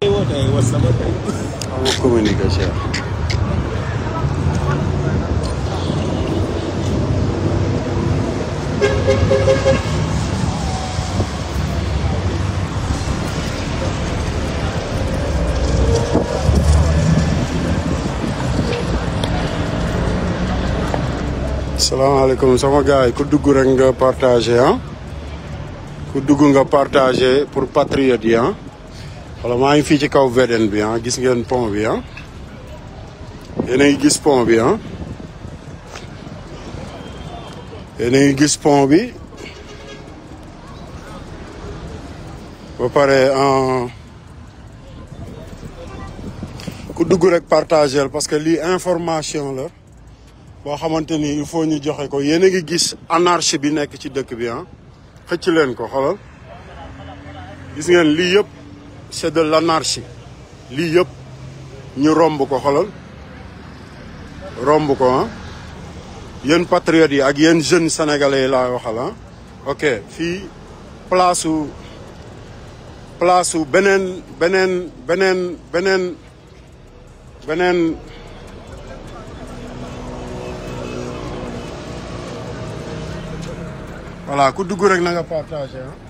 Assalamualaikum sama gars ku dugg rek nga partager hein ya. ku dugg nga partager pour patriote hein ya. Voilà, maa je suis ci kaw VDN bi ah gis pont bi Vous ah. yéen a gis pont bi Vous voyez a gis pont bi ba pare ku Je rek partager parce que lii information là boo xamante il faut ñu joxe ko yéen a gis anarchie bi nekk ci dëkk bi ah xëcc leen ko xoolal gis ngeen de c'est de l'anarchie li yeb ñu romb ko xolal romb ko hein ah. yeen patriote yi ak yeen jeune sénégalais la laay waxal ah ok fi place su place su benen benen benen benen beneen voilà coup de rek na nga partagé Hein? Ah.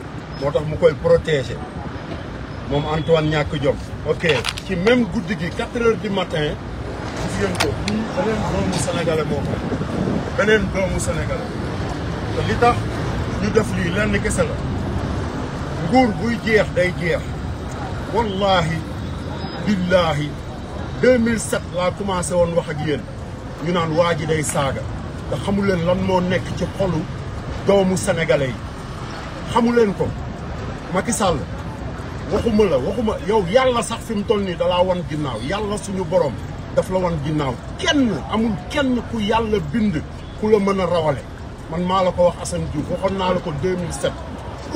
moo tax mu koy protéger moom Antoine ñàkk jom ok ci même guddi gi quatre heures du matin gis ngeen ko lii beneen ko beneen def lii lenn kese la nguur buy jeex day jeex wallahi billahi 2007 laa commencé woon wax ak yéen ñu naan waa ji day saaga te xamu leen lan moo nekk ci xolu doomu sénégalais yi xamu leen ko Macky Sall waxuma la waxuma yow yàlla sax fi mu toll nii dalaa wan ginnaaw yàlla suñu borom daf la wan ginnaaw kenn amul kenn ku yàlla bind ku la mën a rawale man maa la ko wax Assane Diouf waxoon naa la ko 2007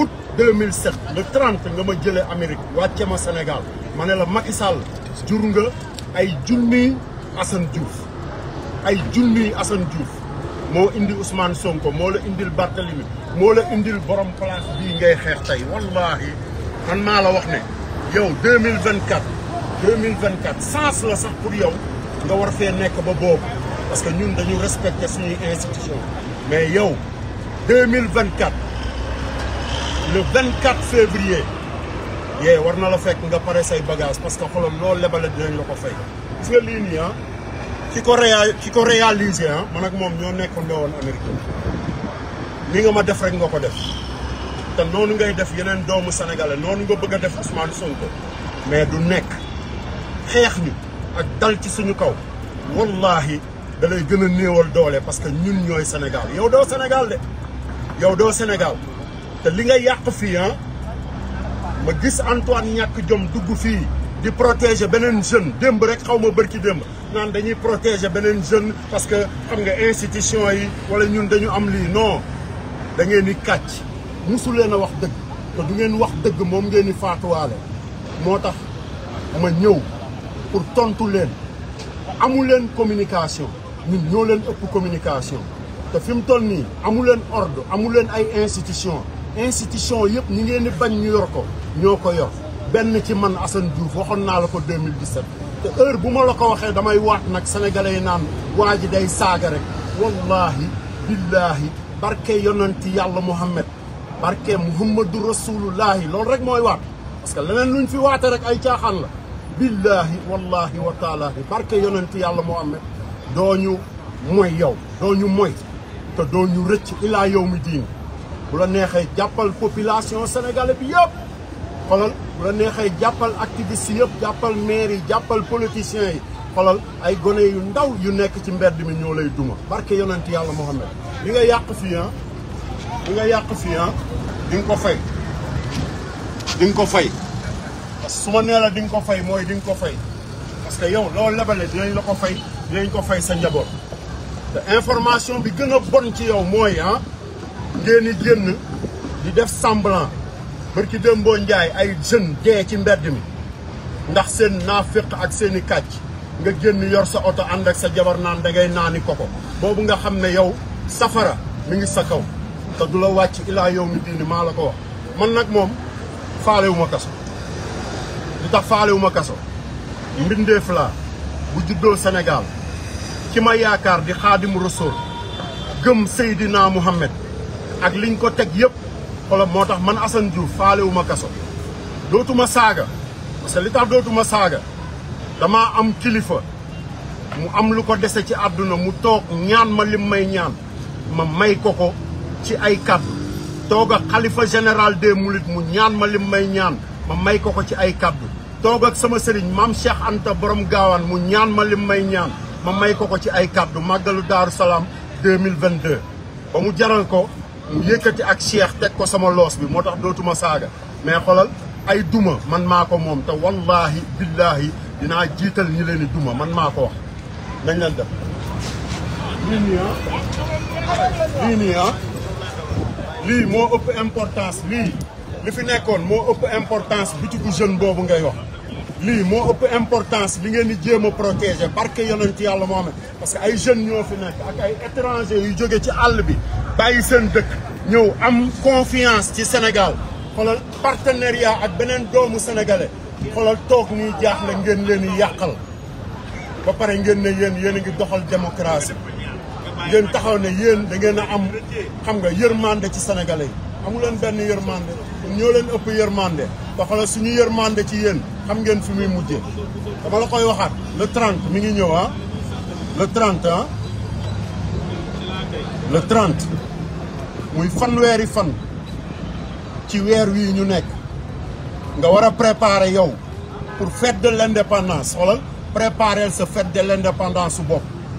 août 2007 le 30 nga ma jëlee Amérique wàcce ma Sénégal ma ne la Macky Sall jur nga ay junniy Assane Diouf ay junniy Assane Diouf moo indi Ousmane Sonko moo la indil Barthélemy moo la indil borom place bii ngay xeex tey wallahi man maa la wax ne yow 2024 2024 sens la sax pour yow nga war fee nekk ba boobu parce que ñun dañu respecter suñuy institution mais yow 2024 le 24 février yee war na la fekk nga pare say bagage parce que xolom loolu lebale dinañ la ko fay gis nga lii nii ah ki ko réa ki ko réalisé ah man ak moom ñoo nekkandoo woon Amérique li nga ma def rek nga ko def te noonu ngay def yeneen doomu sénégalais noonu nga bëgg a def Ousmane Sonko mais du nekk xeex ñu ak dal ci suñu kaw wallahi da lay gën a néewal doole parce que ñun ñooy Sénégal yow doo Sénégal de yow doo Sénégal te li nga yàq fii ah ma gis Antoine ñàkk jom dugg fii di protéger benen jeune demb rek xawma barki demb nan dañuy protéger benen jeune parce que xam nga institution yi wala ñun dañu am li non da ngeen di kàcc musu leen wax deug te du ngeen wax deug mom ngeen ni faatuwaale motax ma ñew pour tontu leen amul leen communication ñun ñoo leen ëpp communication te fim toll ni amul leen ordre amul leen ay institution institution yëpp ñi ngeen ni bañ ñu yor ko ñoko yor benn ci man Assane Diouf waxoon naa la ko 2017 te heure bu ma la ko waxee damay waat nag sénégalais yi naan waa ji day saaga rek wallahi billahi barke yonanti yàlla Muhammad barke Muhammadu rasulullahi loolu rek mooy waat parce que leneen luñ fi waate rek ay caaxaan la billahi wallahi wa taalahi barke yonanti yàlla Muhammad dooñu mooy yow dooñu mooy te doo dooñu rëcc ilaa yow mi diin bu la neexee jàppal population sénégalais bi yëpp bu la neexee jàppal activiste yëpp jàppal maire yi jàppal politiciens yi xolal ay gone yu ndaw yu nekk ci mbedd mi ñoo lay duma barke yonent yàlla Muhammad li nga yàq fii ah li nga yàq fii ah di nga ko fay di nga ko fay parce que su ma nee la di nga ko fay mooy di nga ko fay parce que yow loo lebale dinañ la ko fay dinañ ko fay sa njaboot te information bi gën a bon ci yow mooy ah ngeen di génn di def samblant bërki Dembo Ndiaye ay jeune dee ci mbedd mi ndax seen naafiq ak seeni kàcc nga génn yor sa oto ànd ak sa jabar naa da ngay naani koko boobu nga xam ne yow safara mi ngi sa kaw te du la wàcc ilaa yow mi diini maa la ko wax man nag moom faalewu ma kaso lu tax ma kaso mbindeef laa bu juddoo Sénégal ki ma yaakaar di xaadimu rasul gëm Seydina Muhammad ak liñ ko teg yëpp Allah motax man Assane Diouf faalewu ma kaso dootuma saaga parce que li tax am kilifa mu am luko desa ci aduna mu tok ñaan ma lim may ñaan ma may koko ci ay Toga toga khalifa general général des mu ñaan ma lim may ñaan ma may koko ci ay Toga toog ak sama serigne mam Cheikh Anta borom gawan mu ñaan ma lim may ñaan ma may koko ci ay kap salam Daaru salam 2022 ba mu jaral ko yëkëti ak Cheikh tek ko sama loss bi motax dootuma saga mais xolal ay duma man mako mom moom te wallahi billahi dina jital ñi leen duma man mako wax nañ leen def lii ni ah li mo upp importance li li fi nekkon mo upp importance ci du jeune bobu ngay wax li mo upp importance li ngeen di jema protéger barke yonent yàlla moo amee parce que ay jeunes ñoo fi nekk ak ay étrangers yu joggé ci àll bi bàyyi seen dëkk ñëw am confiance ci Sénégal xoolal partenariat ak beneen doomu sénégalais xoolal toog nii jaaxle ngeen leen di yàqal ba pare ngeen ne yéen yéen a ngi doxal démocratie ngeen taxaw ne yéen da ngeen a am xam nga yërmande ci sénégalais yi amu leen benn yërmande ñoo leen ëpp yërmande te xoolal suñu yërmande ci yéen xam ngeen fi muy mujjee dama la koy waxaat le 30 mi ngi ñëw ah le 30 ah le 30 muy fanweeri fan ci weer wi ñu nek nga wara préparer yow pour fête de l'indépendance wala préparer ce fête de l'indépendance su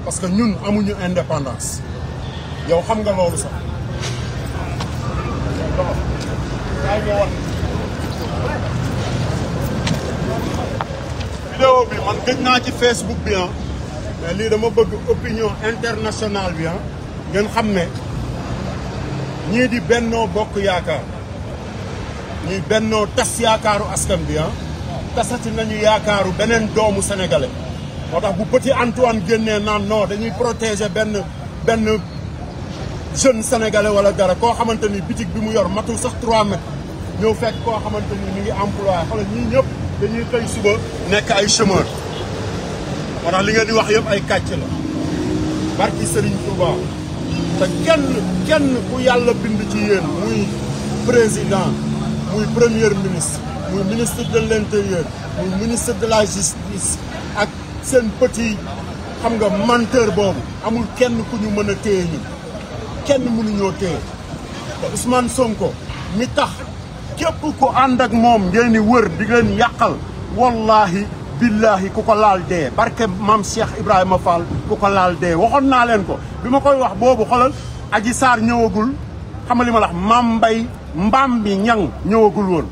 parce que ñun amuñu indépendance yow xam nga lolu sax vidéo bi man gëj naa ci Facebook bi ah mais li dama bëgg opinion internationale bi ah ngeen xam ne ñii di bennoo bokk yaakaar ñuy bennoo tas yaakaaru askan bi ah tasati nañu yaakaaru beneen doomu sénégalais moo tax bu petit Antoine génnee naan noo dañuy protégé benn benn jeune sénégalais wala dara koo xamante ni bitig bi mu yor matul sax 3 mètres ñëw fekk koo xamante ni mi ngi employé xala ñii ñëpp dañuy xëy suba nekk ay chômeur moo tax li ngeen di wax yëpp ay kàcc la barki Serigne Touba te kenn kenn ku yàlla bind ci yéen muy président muy premier ministre muy ministre de l' intérieur muy ministre de la justice ak seen petit xam nga menteur boobu amul kenn ku ñu mën a téye ñi kenn mënuñoo téye te Ousmane Sonko mi tax képp ku ànd ak moom ngeen wër di ngeen yàqal wallahi billahi ku ko laal dee barke maam Cheikh Ibrahima Fall ku ko laal dee waxoon naa leen ko bi ma koy wax boobu xolal aji saar ñëwagul xam li ma la maam mbay mbaam mi ñang ñëwagul woon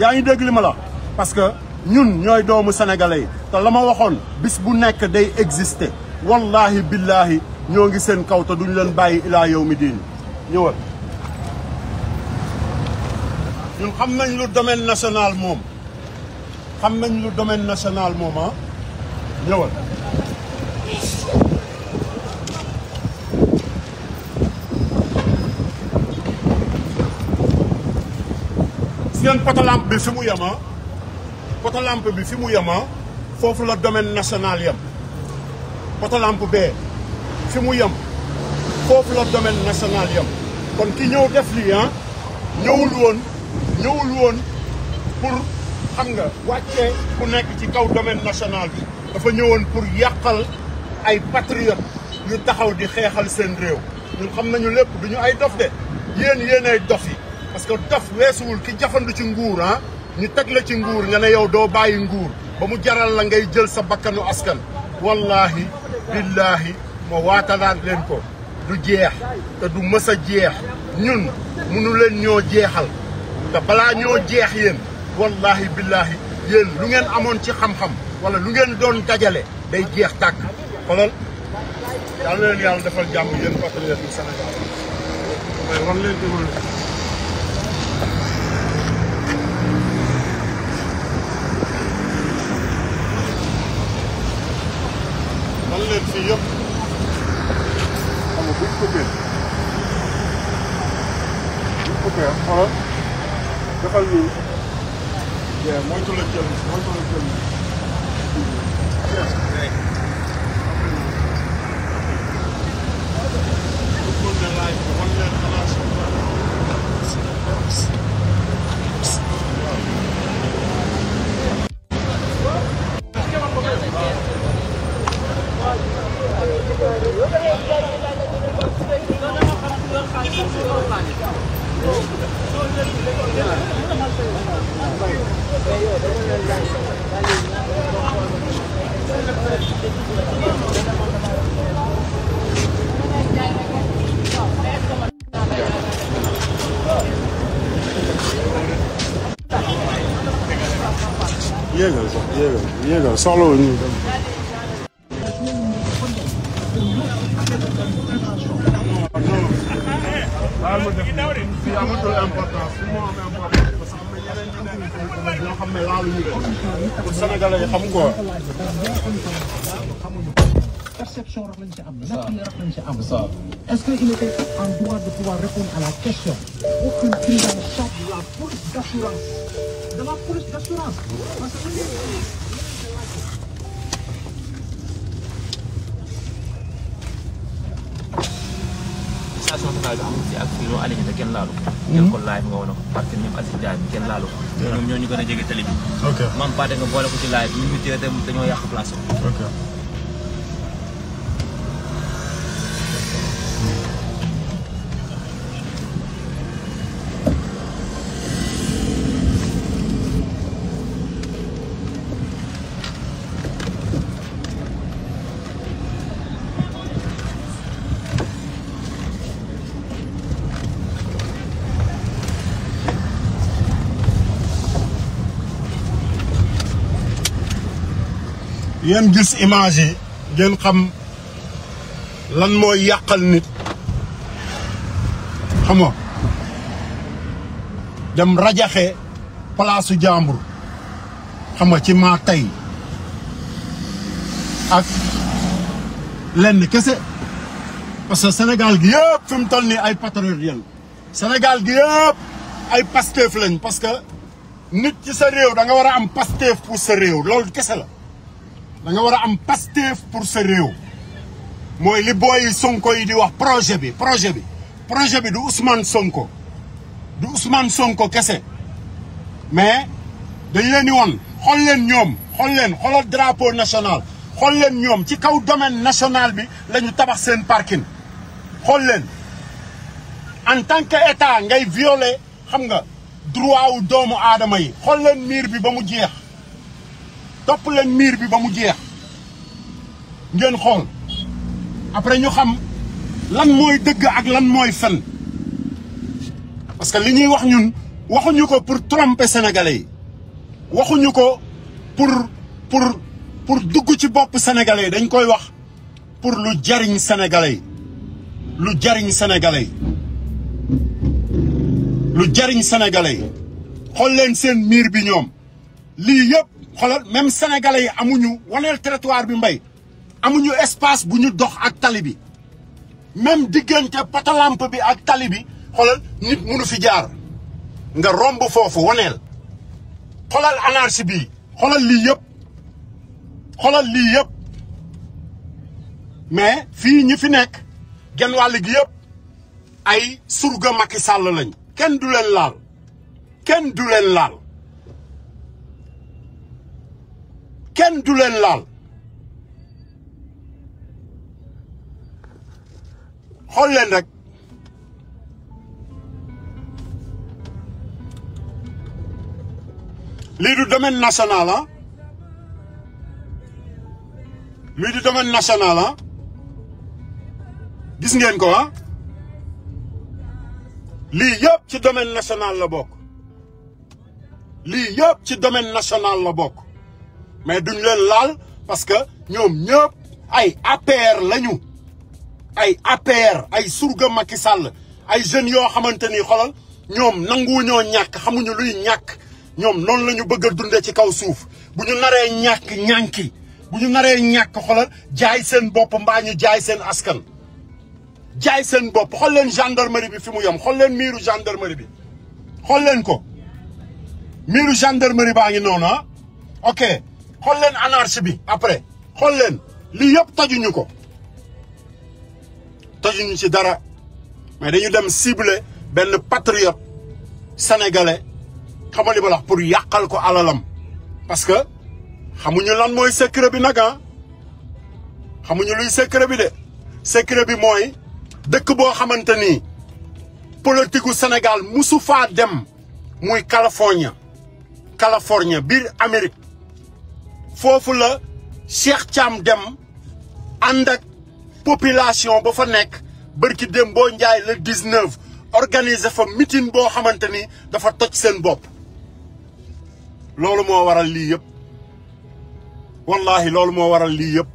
yaa ngi dégg li ma la parce que ñun ñooy doomu sénégalais yi te la ma waxoon bis bu nekk day exister wallahi billahi ñoo ngi seen kaw te duñu leen bàyyi ilaa yow mi diin ñëwal ñun xam nañ lu domaine national moom xam nañ lu domaine national mooma ñëwal seen potolamp bi fi mu yema ah? potolamp bi fi mu yema ah? foofu la domaine national yem potolamp bee fi mu yem foofu la domaine national yem kon ki ñëw def lii ah ñëwul woon ñëwul woon pour xam nga wàccee ku nekk ci kaw domaine national bi dafa ñëwoon pour yàqal ay patriotes ñu taxaw di xeexal seen réew ñun xam nañu lépp duñu ay dof de yéen yéen ay yi parce que dof weesuwul ki jafandu ci nguur ah ñu teg la ci nguur nga ne yow doo bàyyi nguur ba mu jaral la ngay jël sa bakkanu askan wallahi billahi ma waatalaat leen ko du jeex te du mës a jeex ñun munu leen ñoo jeexal te balaa ñoo jeex yéen wallahi billahi yéen lu ngeen amoon ci xam-xam wala lu ngeen doon dajale day jeex tàkk xoolal yàlla leen yàlla defal jàmm yéen patriote yi Sénégal waaye wan leen déglu wan Yeah, é, muito legal, muito legal. solo ini. perception station totale bi amul si ak fii loo aligné te kenn laalu ko hmm. jël ko live nga wane ko parce que ñoom Aziz Ndiaye bi kenn laalu ko ñoom ñoo ñu gën a jege télé bi man Pathé nga boole ko ci live bi ñu mu téye dañoo yàq place ngeen gis image yi ngeen xam lan mooy yàqal nit xam nga dem rajaxe palaasu jàmbur xam nga ci maa tey ak lenn kese parce que Sénégal gi yëpp fi mu toll nii ay patriote yéen Sénégal gi yëpp ay Pastef lañ parce que nit ci sa réew da nga war a am Pastef pour sa réew loolu kese la da war a am Pastef pour sa réew mooy li booy Sonko yi di wax projet bi projet bi projet bi du Ousmane Sonko du Ousmane Sonko kese mais dañ leen di woon xool leen ñoom xool leen xoolal drapeau national xool leen ñoom ci kaw domaine national bi lañu tabax seen parking xool leen en tant que état ngay violer xam nga droit wu doomu aadama yi xool leen miir bi ba mu jeex top leen mir bi ba mu jeex ngeen xol après ñu xam lan moy deug ak lan moy fen parce que li ñuy wax ñun waxu ñuko pour tromper sénégalais waxu ñuko pour pour pour dugg ci bop sénégalais dañ koy wax pour lu jariñ sénégalais lu jariñ sénégalais lu jariñ sénégalais xol leen seen bi ñom li yépp xolal même sénégalais yi amuñu waneel territoire bi mbay amuñu espace bu ñu dox ak tali bi même diggante patalamp bi ak tali bi xoolal nit mënu fi jaar nga romb foofu waneel xolal anarchie bi xolal lii yëpp xoolal lii yëpp mais fii ñi fi nekk genn wàll yëpp ay surga Macky Sall lañ kenn du leen laal kenn du leen laal Ken du leen laal xool leen rek lii du domaine national ah lii du domaine national ah gis ngeen ko ah lii yëpp ci domaine national la bok lii yëpp ci domaine national la bok mais duñ leen laal parce que ñoom ñëpp ay APR lañu ay APR ay surga Macky sàll ay jeunes yoo xamante ni xolal ñoom nanguwuñoo ñàkk xamuñu luy ñàkk ñoom noonu lañu ñu bëgg a dundee ci kaw suuf bu ñu naree ñàkk ñànki bu ñu naree ñàkk xolal jaay seen bopp mbaa ñu jaay seen askan. jaay seen bopp xool leen gendarmerie bi fi mu yem xool leen miiru gendarmerie bi xool leen ko miiru gendarmerie baa ngi noonu ah. ok. xool leen anarchie bi après xool lii yëpp tajuñu ko tajuñu ci dara mais dañu dem cibler benn patriote sénégalais xamali ba lax pour yàqal ko alalam parce que xamuñu lan mooy secret bi nag ah xamuñu luy secret bi de secret bi mooy dëkk boo xamante ni politique gu Sénégal musu faa dem muy Californie Californie biir Amérique foofu la Cheikh Thiam dem ànd ak population ba fa nekk bërki dem boo njaay le 19 organiser fa meeting boo xamante ni dafa toj seen bopp loolu moo waral lii yëpp wallahi loolu moo waral lii yëpp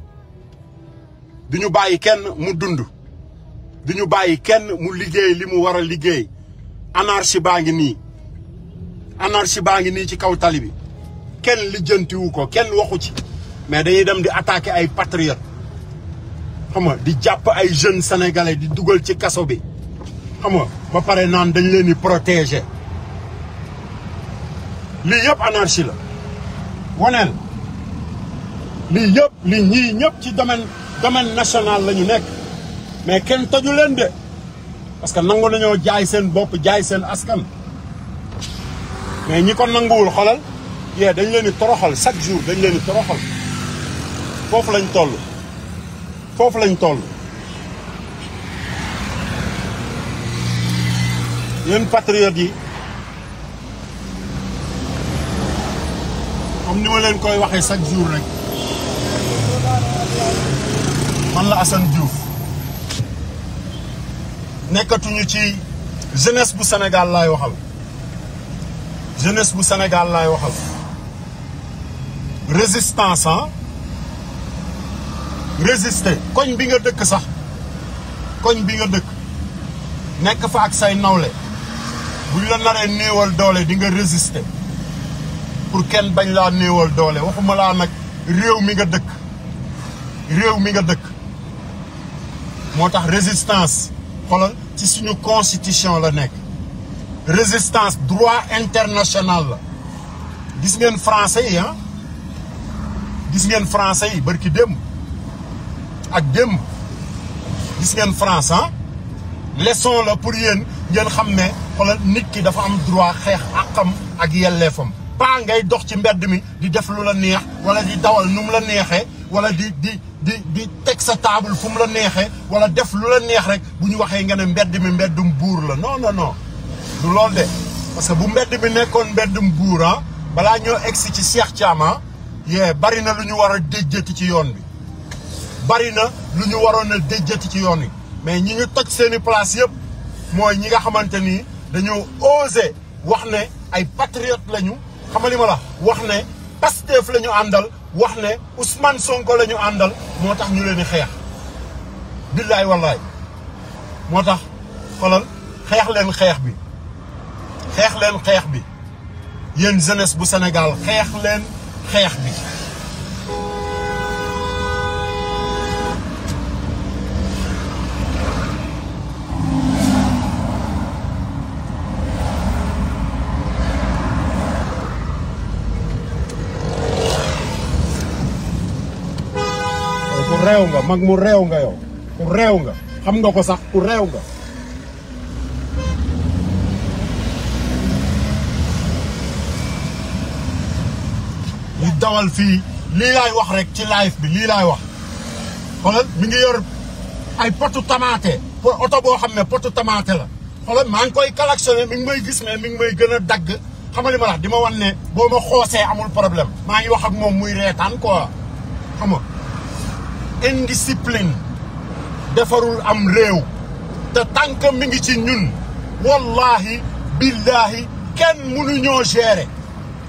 du ñu bàyyi kenn mu dund du ñu bàyyi kenn mu liggéey li mu war a liggéey anarchie baa ngi nii anarchie baa ngi nii ci kaw tali bi kenn lijjantiwu ko kenn waxu ci mais dañuy dem di attaquer ay patriote xam di japp ay jeunes sénégalais di duggal ci kasso bi xam nga ba paré nan dañ leen ni protéger li yëpp anarchie la wonel li yëpp li ñi ñëpp ci domaine domaine national lañu nek mais kenn toju leen de parce que nangu nañoo jaay seen bop jaay seen askan mais ñi ko nangul xolal yee dañ leen di toroxal chaque jour dañ leen di toroxal foofu lañ toll foofu lañ toll yéen patriote yi comme ni ma leen koy waxee chaque jour rek man la Assane Diouf nekkatuñu ci jeunesse bu Sénégal laay waxal jeunesse bu Sénégal laay waxal résistance ah résister koñ bi nga dëkk sax koñ bi nga dëkk nekk fa ak say nawle buñ la naree néewal doole di nga résister pour kenn bañ laa néewal doole waxuma laa nag réew mi nga dëkk réew mi nga dëkk moo résistance xoolal ci suñu constitution la nekk résistance droit international la gis ngeen français hein gis français barki dem, ak dem, gis France hein ah? leçon la pour yéen ngeen xam ne nit ki dafa am droit xeex àqam ak yelleefam pas ngay dox ci mbedd mi di def lu la neex wala di dawal nu la neexee wala di di di di sa table fu la neexee wala def lu neex rek bu ñu waxee ne mbedd mi mbeddum buur non non non du parce que bu mbedd mi nekkoon ah, ñoo ci Cheikh ah, yee bari na lu ñu war a déjjati ci yoon bi bari na lu ñu waroon a déjjati ci yoon bi mais ñi ñu toj seen i place yëpp mooy ñi nga xamante ni dañoo osé wax ne ay patriote lañu xamali ma la wax ne Pastef la ñu àndal wax ne Ousmane Sonko la ñu àndal moo tax ñu leen di xeex billaay wallaay moo tax xolal xeex leen xeex bi xeex leen xeex bi yéen jeunesse bu Sénégal xeex leen xeex bi ku réew nga mag mu réew nga yow ku réew nga xam nga ko sax dawal fi li lay wax rek ci live bi li lay wax xoolal mi ngi yor ay potu tamate pour auto bo xamne potu tamate la xoolal ma ngi koy collectionné mi ngi may gis mais mi ngi may gëna dag xamali ma la dima ma wan ne boo ma xoosee amul problème ma ngi wax ak mom muy rétan quoi xam nga indiscipline defarul am rew te tànk mi ngi ci ñun wallahi billahi kenn munu ñoo gérer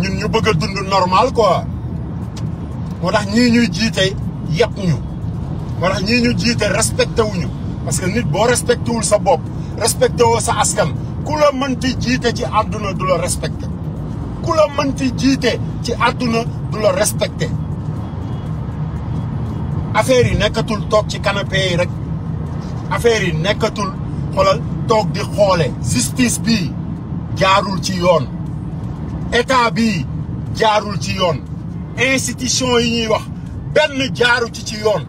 ñun ñu bëgg a dund normal quoi moo tax ñii ñuy jiite yàpp ñu moo ñii ñu jiite respecté wuñu parce que nit boo respecté wul sa bopp respecté woo sa askan ku la mënti jiite ci àdduna du la respecté ku la mënti jiite ci àdduna du la respecté affaire yi nekkatul toog ci canapé yi rek affaire yi nekkatul xoolal toog di xoole justice bi jaarul ci yoon état bi jaarul ci yoon institution yi ñuy wax benn jaaru ci ci yoon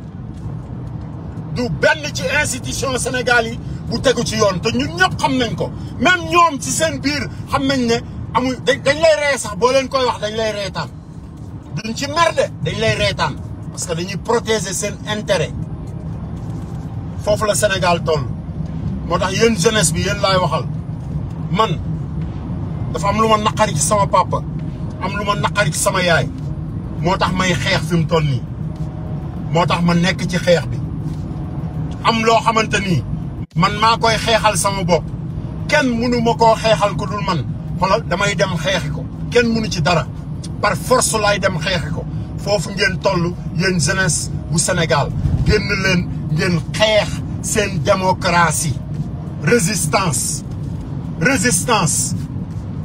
du benn ci institution Sénégal yi bu tegu ci yoon te ñu ñëpp xam nañ ko même ñoom ci seen biir xam nañ ne amuñ dañ lay ree sax boo leen koy wax dañ lay reetaan duñ ci mer de dañ lay reetaan parce que dañuy protéger seen intérêt foofu la Sénégal toll moo tax yéen jeunesse bi yéen lay waxal man dafa am lu ma naqari ci sama papa am lu ma naqari sama yaay moo tax may xeex fi mu toll nii moo tax ma nekk ci xeex bi am loo xamante nii man maa koy xeexal sama bopp kenn mënu ma koo xeexal ku dul man xoolal damay dem xeex ko kenn mënu ci dara par force laay dem xeexi ko foofu ngeen toll yen jeunesse bu Sénégal génn leen ngeen xeex seen démocratie résistance résistance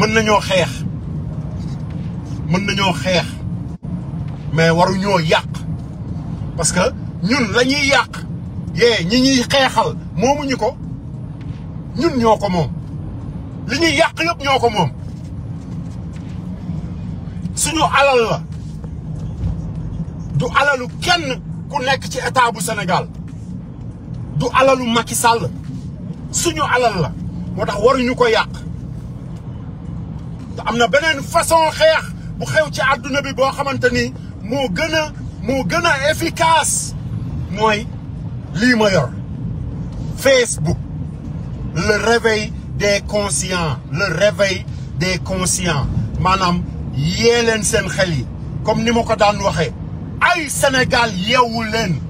mën nañoo xeex mën nañoo xeex mais waruñoo yàq parce que ñun la ñuy yàq yee ñi ñuy xeexal moomuñu ko ñun ñoo ko moom li ñuy yàq yëpp ñoo ko moom suñu alal la du alalu kenn ku nekk ci état bu senegal du alalu Macky Sall suñu alal la moo tax waruñu ko yàq amna benen façon xex bu xew ci aduna bi bo xamanteni mo moo mo a efficace moy li ma yor Facebook le réveil des conscients le réveil des conscients manam yee sen seen xel yi comme ni ma ko daan waxee ay Sénégal yeewu leen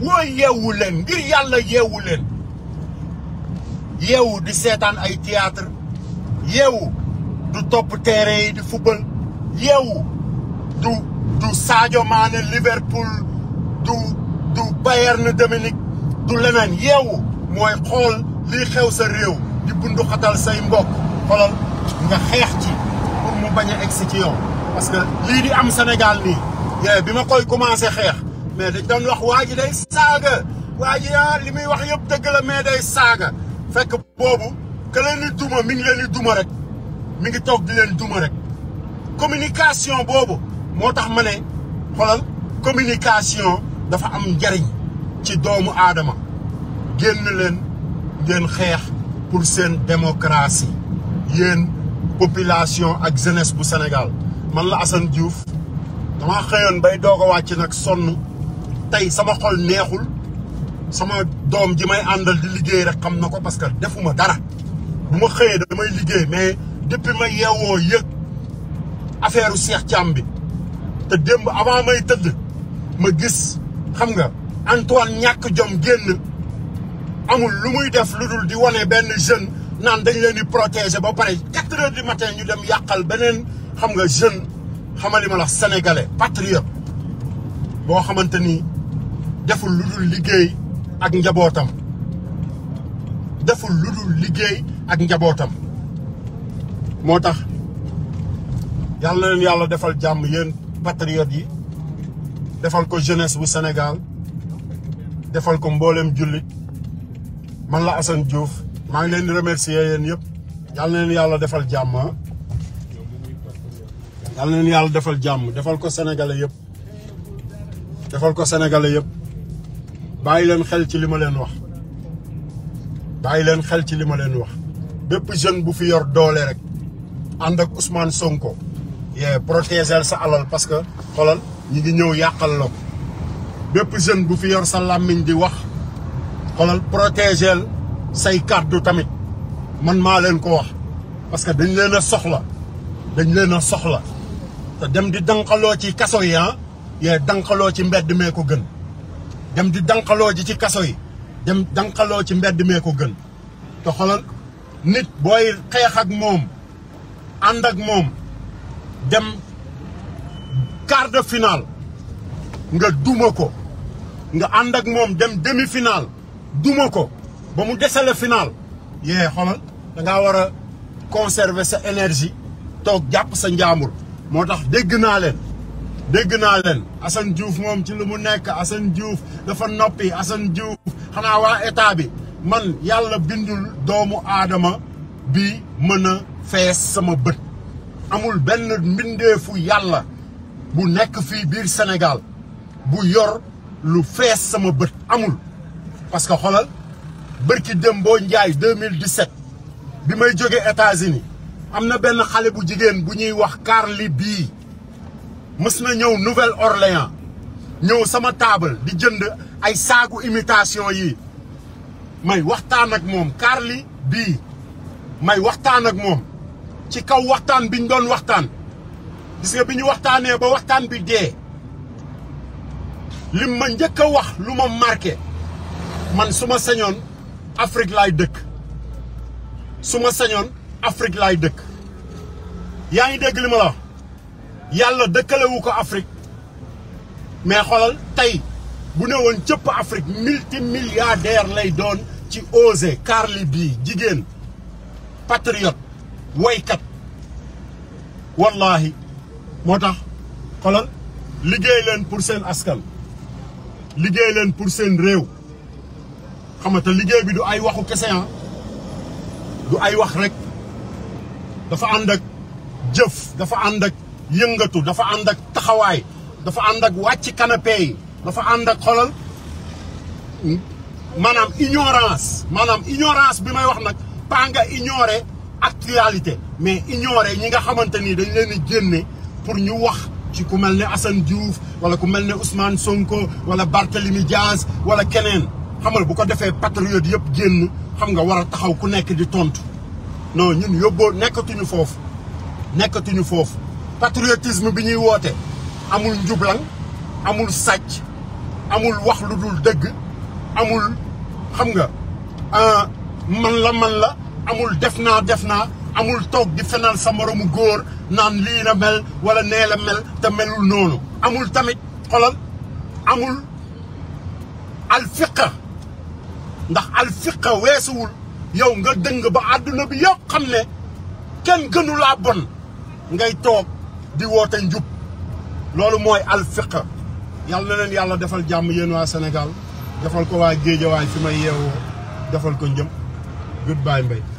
woo yeewu leen ngir yàlla yeewu leen yeewu di seetaan ay théâtre yewu du topp terrain yi di football yeewu du du Sadio Mané Liverpool du du Bayern Dominique du leneen yeewu mooy xool lii xew sa réew di bundu xatal say mbokk xolal nga xeex ci mu bañ a egsi ci yow parce que lii di am senegal nii yee bi ma koy commencé xeex mais dañ doon wax waa day saaga waa ji ah li muy wax yëpp dëgg la mais day saaga fekk boobu que leen di duma mi ngi leen duma rek mingi tok di rek communication bobu communication dafa am ci doomu adama pour la démocratie population ak jeunesse Sénégal man la Assane Diouf dama Je bay dogo wacc nak sonu tay sama xol neexul sama doom ji may de di liggéey rek xam parce que defuma dara mais depuis ma yeewoo yëg affaire Cheikh Thiam bi te démb avant may tëdd ma gis xam nga Antoine ñàkk jom génn amul lu muy def lu dul di wane benn jeune naan dañ leen di protéger ba pare quatre heures du matin ñu dem yàqal beneen xam nga jeune xamali ma la sénégalais patriote boo xamante ni deful lu liggéey ak njabootam deful ludul liggéey ak njabootam moo tax yàlla leen yàlla defal jàmm yéen patriotes yi defal ko jeunesse bu Sénégal defal ko mboolem jullit man la Assane Diouf maa ngi leen di remercier yéen yëpp yàlla leen yàlla defal jàmm ah. yàlla na leen yàlla defal jàmm defal ko sénégalais yëpp defal ko sénégalais yëpp bàyyi leen xel ci li ma leen wax bàyyi leen xel ci li ma leen wax bépp jeune bu fi yor doole rek. Anda ak Ousmane Sonko ye protéger sa alal parce que xolal ñi ngi ñew yàqal lo bép jeune bu fi yor sa làmmiñ di wax xolal protéger say tamit man ma leen ko wax parce que dañ leena soxla dañ leena soxla te dem di dankalo ci kasso yi han ah, ye dankalo ci mbedd me ko gën dem di dankalo ji ci kasso yi dem dankalo ci mbedd me ko gën te xolal nit boy xex ak mom. ànd moom dem quart de nga duma ko nga ànd moom dem demi finale duma ko ba mu desale finale yee xoolal da ngaa war a conserver sa énergie toog jàpp sa njaamur moo tax dégg naa leen dégg naa leen Assane moom ci lu mu nekk Assane Diouf dafa noppi Assane Diouf xanaa waa état man yàlla bindul doomu aadama bi mën a fees sama bët amul benn mbindeefu yàlla bu nekk fii biir senegal bu yor lu fees sama bët amul parce que xoolal bërki Dembo Njaay 2017 bi may jóge États-Unis am na benn xale bu jigéen bu ñuy wax Carly bii mës na ñëw Nouvelle-Orléans ñëw sama taabal di jënd ay saagu imitation yi may waxtaan ak moom Carly bii may waxtaan ak moom ci kaw waxtan biñ doon waxtan gis nga biñu ñu ba waxtan bi dé lim ma ñëk wax lu ma marqué man suma sañon Afrique lay dëkk suma sañon Afrique lay dëkk yaa ngi dégg li ma la wax yàlla dëkkalewu ko Afrique mais xoolal tey bu ne cëpp Afrique milliardaire lay doon ci Bi patriote woykat wallaahi moo tax xolal liggéey leen pour seen askan liggéey leen pour seen réew xamata liggéey bi du ay waxu kese du ay wax rek dafa ànd ak jëf dafa ànd ak yëngatu dafa ànd ak taxawaay dafa ànd ak wàcc canapé yi dafa ànd ak xolal maanaam ignorance maanaam ignorance bi may wax nag pas nga ignorer actualité mais ignorer ñi nga xamanteni ni dañ leen di pour ñu wax ci ku melni Assane Diouf wala ku melni Ousmane Sonko wala Barthélemy Diaz wala keneen xam nga bu ko défé patriote yëpp génn xam nga wara taxaw ku nekk di tontu non ñun yóbboo nekkatuñu foofu nekkatuñu fofu patriotisme bi ñuy woté amul njublan amul sàcc amul wax lu dul dëgg amul xam nga ah, man la man la amul defna defna amul tok di fenal sa morom góor nan li la mel wala ne la mel te melul nonu amul tamit xolal amul al alfiqa ndax al alfiqa wessul yow nga deung ba aduna bi yow xamne ken gënu la bon ngay tok di wote njub lolou moy al alfiqa yàlla na len yàlla defal jàmm yéen wa Sénégal defal ko wa Géejawaay fi may yeewoo defal ko njëm goodbye Mbaye